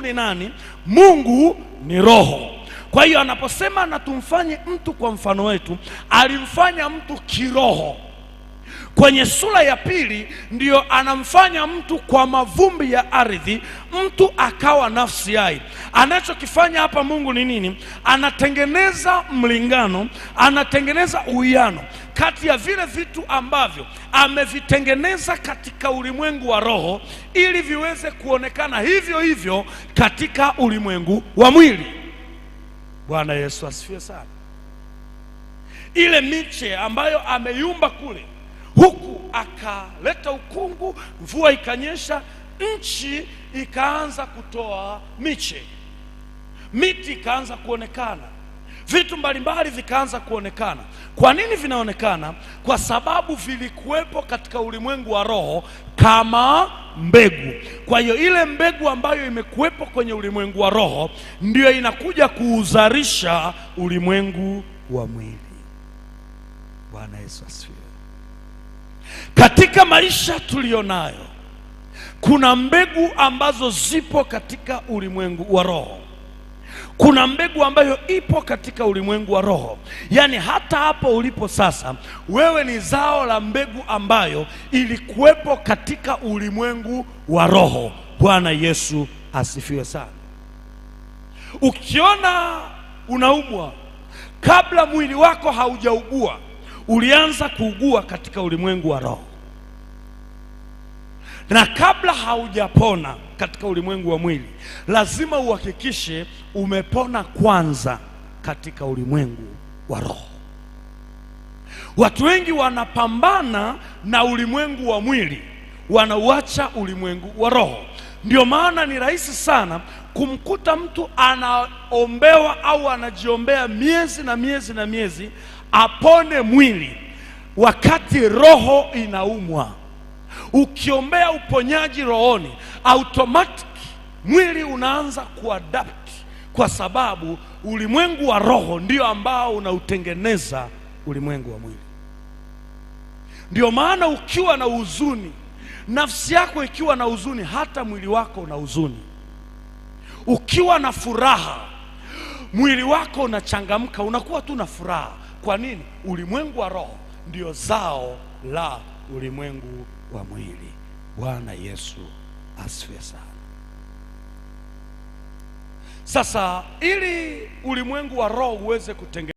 Mungu ni nani? Mungu ni roho. Kwa hiyo anaposema na tumfanye mtu kwa mfano wetu, alimfanya mtu kiroho. Kwenye sura ya pili ndiyo anamfanya mtu kwa mavumbi ya ardhi, mtu akawa nafsi hai. Anachokifanya hapa Mungu ni nini? Anatengeneza mlingano, anatengeneza uwiano kati ya vile vitu ambavyo amevitengeneza katika ulimwengu wa roho ili viweze kuonekana hivyo hivyo katika ulimwengu wa mwili. Bwana Yesu asifiwe sana. Ile miche ambayo ameyumba kule huku akaleta ukungu, mvua ikanyesha, nchi ikaanza kutoa miche, miti ikaanza kuonekana, vitu mbalimbali vikaanza kuonekana. Kwa nini vinaonekana? Kwa sababu vilikuwepo katika ulimwengu wa roho kama mbegu. Kwa hiyo ile mbegu ambayo imekuwepo kwenye ulimwengu wa roho ndiyo inakuja kuuzalisha ulimwengu wa mwili. Bwana Yesu asifiwe. Katika maisha tuliyonayo kuna mbegu ambazo zipo katika ulimwengu wa roho. Kuna mbegu ambayo ipo katika ulimwengu wa roho, yaani hata hapo ulipo sasa, wewe ni zao la mbegu ambayo ilikuwepo katika ulimwengu wa roho. Bwana Yesu asifiwe sana. Ukiona unaumwa kabla mwili wako haujaugua ulianza kuugua katika ulimwengu wa roho, na kabla haujapona katika ulimwengu wa mwili, lazima uhakikishe umepona kwanza katika ulimwengu wa roho. Watu wengi wanapambana na ulimwengu wa mwili, wanauacha ulimwengu wa roho. Ndio maana ni rahisi sana kumkuta mtu anaombewa au anajiombea miezi na miezi na miezi apone mwili, wakati roho inaumwa. Ukiombea uponyaji rohoni, automatic mwili unaanza kuadapt, kwa sababu ulimwengu wa roho ndio ambao unautengeneza ulimwengu wa mwili. Ndio maana ukiwa na huzuni Nafsi yako ikiwa na huzuni, hata mwili wako una huzuni. Ukiwa na furaha, mwili wako unachangamka, unakuwa tu na furaha. Kwa nini? Ulimwengu wa roho ndio zao la ulimwengu wa mwili. Bwana Yesu asifiwe sana. Sasa ili ulimwengu wa roho uweze kutengeneza